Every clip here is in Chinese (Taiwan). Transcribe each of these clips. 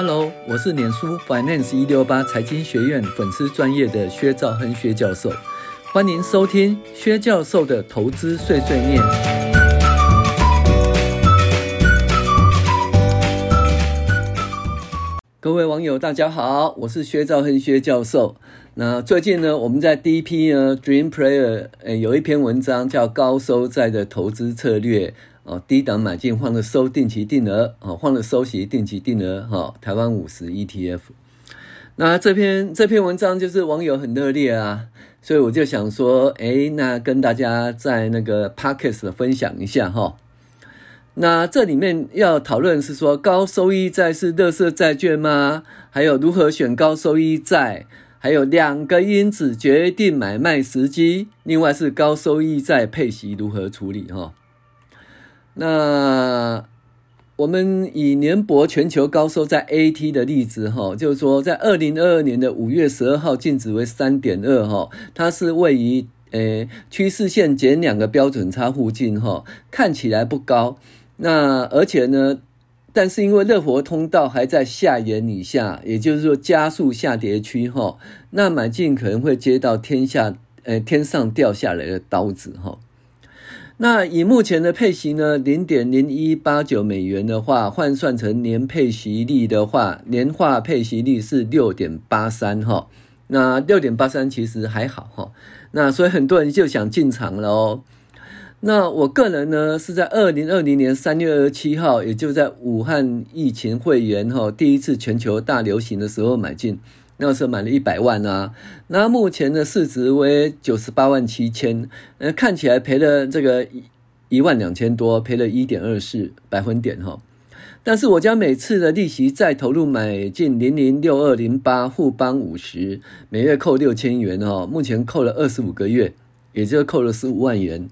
Hello，我是臉書 Finance 一六八財經學院粉絲專業的薛兆亨薛教授，歡迎收聽薛教授的投資碎碎念。各位網友，大家好，我是薛兆亨薛教授。那最近呢，我們在 DP 呢 Dream Player、欸、有一篇文章叫高收債的投資策略。哦、低檔買進換了收，定期定額，哦，換了收息定期定額、哦，台灣五十 ETF。那這篇這篇文章就是網友很熱烈啊，所以我就想說，誒、欸、那跟大家在那個 Podcast 的分享一下哈。那這裡面要討論是說，高收益債是垃圾債券嗎？還有如何選高收益債？還有兩個因子決定買賣時機，另外是高收益債配息如何處理？哈、哦。那我們以聯博全球高收債 A T 的例子哈，就是說在二零二二年的五月十二號淨值為三點二哈，它是位於誒趨勢線減兩個標準差附近哈，看起來不高。那而且呢，但是因為樂活通道還在下沿以下，也就是說加速下跌區哈，那買進可能會接到天下誒、欸、天上掉下來的刀子哈。那以目前的配息呢，零點零一八九美元的話，換算成年配息率的話，年化配息率是六點八三哈。那六點八三其實還好哈、哦。那所以很多人就想進場了哦。那我個人呢是在二零二零年三月二十七號，也就在武漢疫情會員哈第一次全球大流行的時候買進。那個時候買了一百萬啊，那目前的市值為九十八萬七千，呃，那看起來賠了這個一一萬兩千多，賠了一點二四百分點哈。但是我將每次的利息再投入買進零零六二零八，富邦五十，每月扣六千元哈，目前扣了二十五個月，也就扣了十五萬元，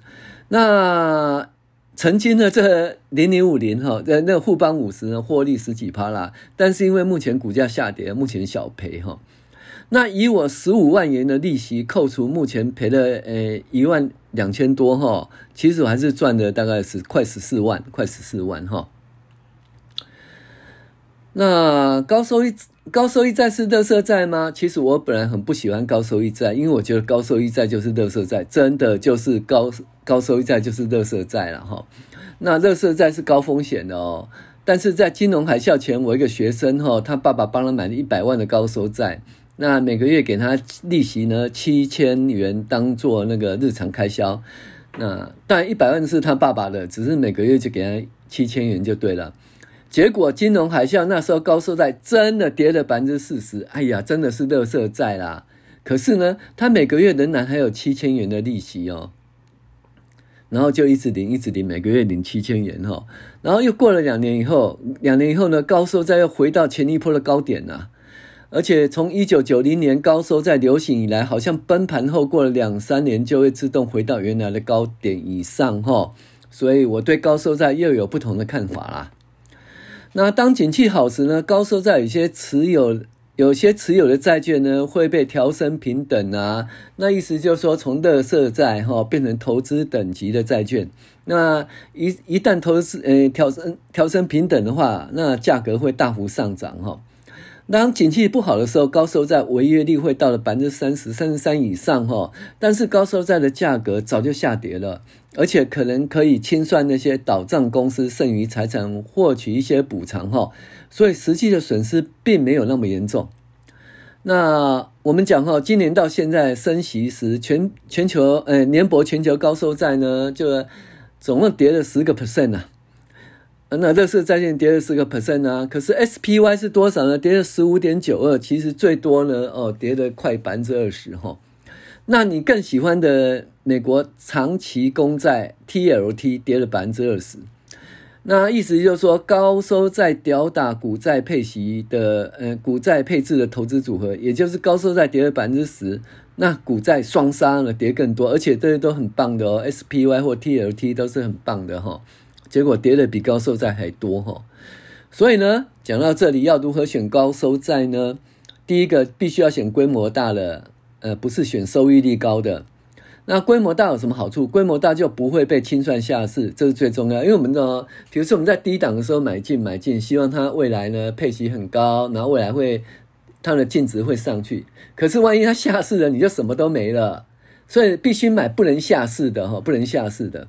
那。曾經、那個、呢，這零零五零哈，那那互邦五十呢，獲利十幾趴啦。但是因為目前股價下跌，目前小賠哈。那以我十五萬元的利息扣除，目前賠了呃一、欸、萬兩千多哈，其實我還是賺了大概是快十四萬，快十四萬哈。那高收益，高收益債是垃圾債嗎？其實我本來很不喜歡高收益債，因為我覺得高收益債就是垃圾債，真的就是高高收益債就是垃圾債啦齁。那垃圾債是高風險的哦，但是在金融海嘯前，我一個學生齁，他爸爸幫他買了一百萬的高收債，那每個月給他利息呢七千元，當做那個日常開銷。那但一百萬是他爸爸的，只是每個月就給他七千元就對了。結果金融海嘯那時候高收債真的跌了百分之四十，哎呀，真的是垃圾債啦。可是呢，他每個月仍然還有七千元的利息哦，然後就一直領，一直領，每個月領七千元哈、哦。然後又過了兩年以後，兩年以後呢，高收債又回到前一波的高點啦。而且從一九九零年高收債流行以來，好像崩盤後過了兩三年就會自動回到原來的高點以上哈、哦。所以我對高收債又有不同的看法啦。那當景氣好時呢，高收債有些持有，有些持有的債券呢會被調升評等啊。那意思就是說從垃圾債，從垃圾債變成投資等級的債券。那一一旦投資呃調升、調升評等的話，那價格會大幅上漲哈。當景氣不好的時候，高收債違約率會到了百分之三十、三十三以上哈。但是高收債的價格早就下跌了，而且可能可以清算，那些倒賬公司剩餘財產，獲取一些補償哈。所以實際的損失並沒有那麼嚴重。那我們講哈，今年到現在升息時，全全球呃、欸，年博，全球高收債呢，就總共跌了十個 percent 啊。啊、那垃圾債跌了四個 percent 啊，可是 SPY 是多少呢？跌了十五點九二，其實最多呢哦，跌了快百分之二十哈。那你更喜歡的美國長期公債 TLT 跌了百分之二十，那意思就是說，高收債吊打股債配息的呃股債配置的投資組合，也就是高收債跌了百分之十，那股債雙殺呢跌更多，而且這些都很棒的哦，SPY 或 TLT 都是很棒的哈、哦。結果跌的比高收債還多哈，所以呢，講到這裡，要如何選高收債呢？第一個必須要選規模大的，呃，不是選收益率高的。那規模大有什麼好處？規模大就不會被清算下市，這是最重要。因為我們呢，比如說我們在低檔的時候買進買進，希望它未來呢配息很高，然後未來會它的淨值會上去。可是萬一它下市了，你就什麼都沒了。所以必須買不能下市的哈，不能下市的。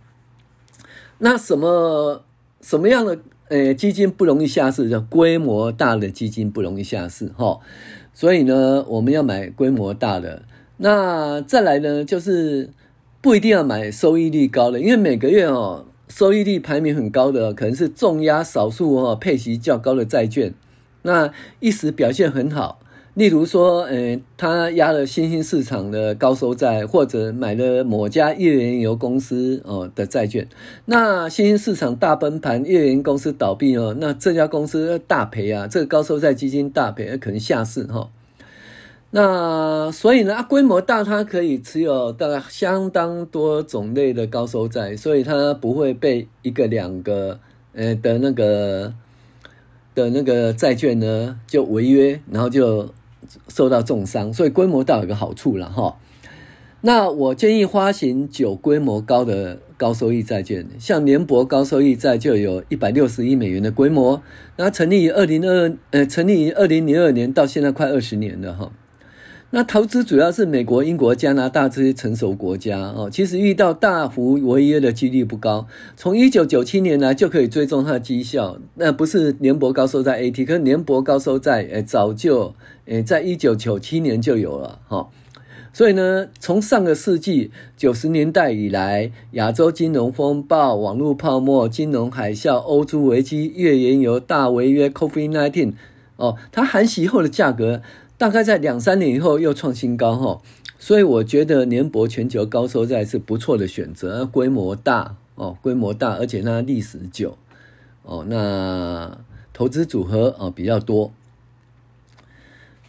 那什麼什麼樣的誒、欸、基金不容易下市？叫規模大的基金不容易下市哈，所以呢，我們要買規模大的。那再來呢，就是不一定要買收益率高的，因為每個月哦，收益率排名很高的可能是重壓少數哦配息較高的債券，那一時表現很好。例如說、欸，他押了新興市場的高收債，或者買了某家頁岩油公司哦的債券，那新興市場大崩盤，頁岩公司倒閉哦，那這家公司大賠啊，這個高收債基金大賠，可能下市哈、哦。那所以呢，啊、規模大，它可以持有大概相當多種類的高收債，所以它不會被一個兩個呃、欸、的那個的那個債券呢就違約，然後就。受到重傷，所以規模倒有一個好處了哈。那我建議發行久規模高的高收益債券，像聯博高收益債就有一百六十億美元的規模，然後成立於二零二呃成立於二零零二年，到現在快二十年了哈。那投資主要是美國、英國、加拿大這些成熟國家哦，其實遇到大幅違約的幾率不高。從一九九七年來就可以追蹤它的績效，那不是聯博高收債 A T，可是聯博高收債誒、欸、早就誒、欸、在一九九七年就有了哈、哦。所以呢，從上個世紀九十年代以來，亞洲金融風暴、網絡泡沫、金融海嘯、歐洲危機、頁岩油大違約、COVID-19 哦，它含息後的價格。大概在兩三年以後又創新高哈，所以我覺得年博全球高收債是不錯的選擇，規模大哦，規模大，而且它歷史久哦，那投資組合哦比較多。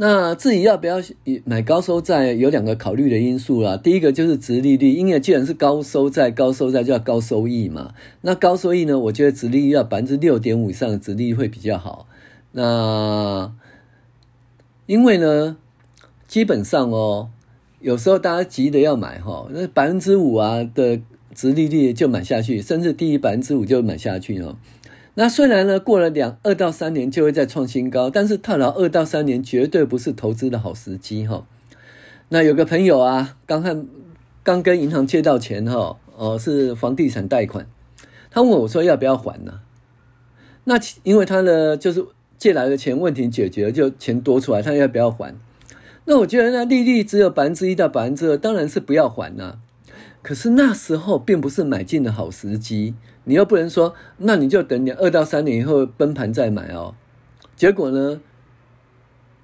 那自己要不要買高收債？有兩個考慮的因素啦。第一個就是殖利率，因為既然是高收債，高收債就要高收益嘛。那高收益呢，我覺得殖利率要百分之六點五以上的殖利率會比較好。那因為呢，基本上哦，有時候大家急着要買哈、哦，那百分之五啊的殖利率就買下去，甚至低於百分之五就買下去哦。那雖然呢，過了兩二到三年就會再創新高，但是套牢二到三年絕對不是投資的好時機哈、哦。那有個朋友啊，剛和剛跟銀行借到錢哈、哦，哦是房地產貸款，他問我，我說要不要還呢、啊？那因為他的就是。借來的錢問題解決了，就錢多出來，他要不要還？那我覺得呢，利率只有百分之一到百分之二，當然是不要還啦、啊。可是那時候並不是買進的好時機，你又不能說，那你就等你二到三年以後崩盤再買哦。結果呢，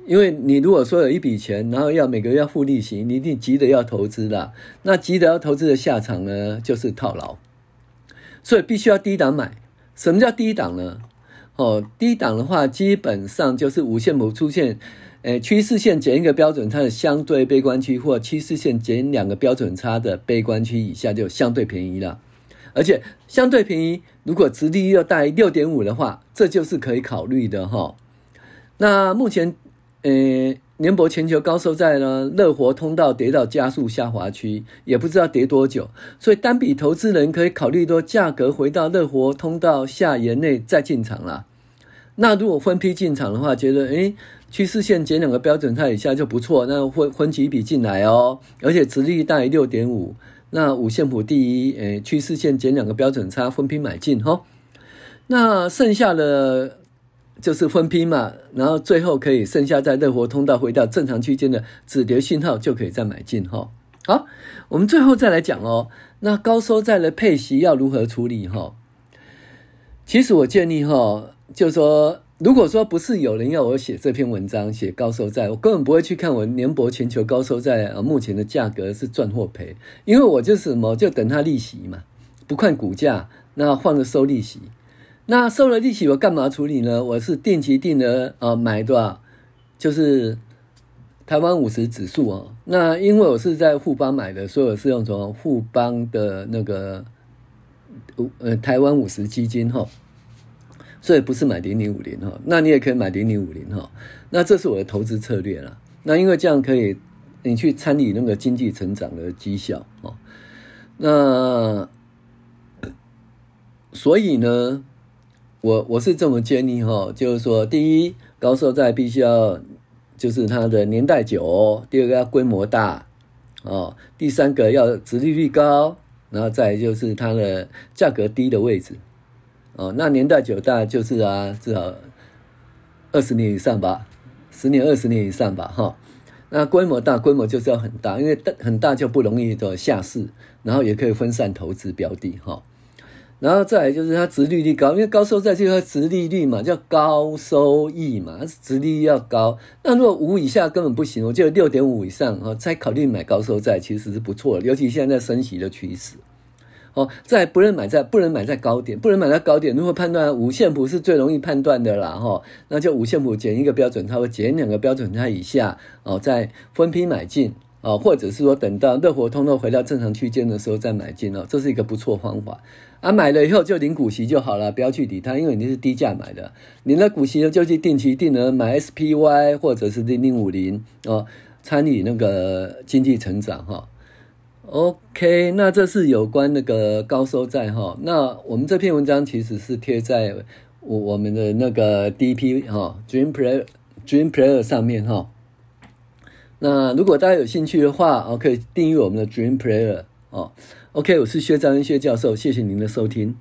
因為你如果說有一筆錢，然後要每個月要付利息，你一定急著要投資的。那急著要投資的下場呢，就是套牢。所以必須要低檔買。什麼叫低檔呢？哦，低檔的話，基本上就是五線譜出現，呃，趨勢線減一個標準差的相對悲觀區，或趨勢線減兩個標準差的悲觀區以下就相對便宜了。而且相對便宜，如果殖利又大於六點五的話，這就是可以考慮的哈、哦。那目前，呃。聯博全球高收債呢？樂活通道跌到加速下滑區，也不知道跌多久。所以單筆投資人可以考慮，到價格回到樂活通道下沿內再進場啦。那如果分批進場的話，覺得誒趨勢線減兩個標準差以下就不錯。那分分幾筆進來哦，而且殖利率大於六點五。那五線譜第一，誒趨勢線減兩個標準差，分批買進哈、哦。那剩下的。就是分批嘛，然後最後可以剩下在樂活通道回到正常區間的止跌信號，就可以再買進哈、哦。好，我們最後再來講哦，那高收債的配息要如何處理哈、哦？其實我建議哈、哦，就說如果說不是有人要我寫這篇文章寫高收債，我根本不會去看我聯博全球高收債、啊、目前的價格是賺或賠，因為我就是什麼，就等它利息嘛，不看股價，那換個收利息。那收了利息，我幹嘛處理呢？我是定期定額啊，買的就是台灣五十指數哦。那因為我是在富邦買的，所以我是用從富邦的那個呃台灣五十基金哈，所以不是買0050哈。那你也可以買0050哈。那這是我的投資策略啦。那因為這樣可以，你去參與那個經濟成長的績效哦。那所以呢？我我是這麼建議哈，就是說，第一，高收債必須要就是它的年代久，哦，第二個要規模大，哦，第三個要殖利率高，然後再就是它的價格低的位置，哦，那年代久大就是啊，至少二十年以上吧，十年二十年以上吧，哈，哦，那規模大，規模就是要很大，因為大很大就不容易的下市，然後也可以分散投資標的，哈，哦。然後再來就是它殖利率高，因為高收益債券殖利率嘛，叫高收益嘛，殖利率要高。那如果五以下根本不行，我覺得六點五以上啊、哦，再考慮買高收債其實是不錯的。尤其現在，在升息的趨勢，哦，在不能買在不能買在高點，不能買在高點。如果判斷五線譜是最容易判斷的啦，哈、哦，那就五線譜減一個標準差會減兩個標準差以下哦，再分批買進、哦、或者是說等到樂活通道回到正常區間的時候再買進哦，這是一個不錯方法。啊，買了以後就領股息就好了，不要去理它，因為你是低價買的。你的股息就去定期定額買 SPY 或者是零零五零啊，參與那個經濟成長哈、哦。OK，那這是有關那個高收債哈、哦。那我們這篇文章其實是貼在我我們的那個 DP 哈、哦、Dream Player Dream Player 上面哈、哦。那如果大家有興趣的話，哦，可以訂閱我們的 Dream Player 哦。OK，我是薛兆亨薛教授，謝謝您的收聽。